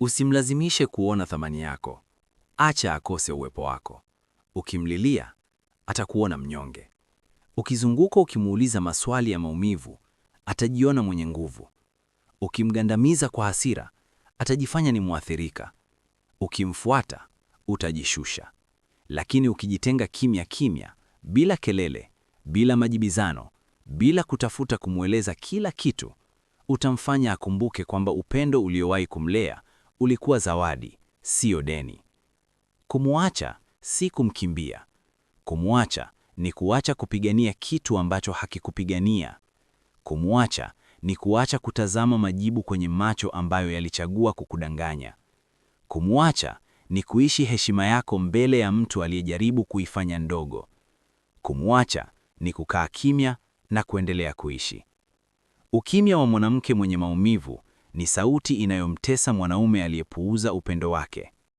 Usimlazimishe kuona thamani yako, acha akose uwepo wako. Ukimlilia atakuona mnyonge, ukizunguka ukimuuliza maswali ya maumivu atajiona mwenye nguvu, ukimgandamiza kwa hasira atajifanya ni mwathirika, ukimfuata utajishusha. Lakini ukijitenga kimya kimya, bila kelele, bila majibizano, bila kutafuta kumweleza kila kitu, utamfanya akumbuke kwamba upendo uliowahi kumlea ulikuwa zawadi, siyo deni. Kumwacha si kumkimbia. Kumwacha ni kuacha kupigania kitu ambacho hakikupigania. Kumwacha ni kuacha kutazama majibu kwenye macho ambayo yalichagua kukudanganya. Kumwacha ni kuishi heshima yako mbele ya mtu aliyejaribu kuifanya ndogo. Kumwacha ni kukaa kimya na kuendelea kuishi. Ukimya wa mwanamke mwenye maumivu ni sauti inayomtesa mwanaume aliyepuuza upendo wake.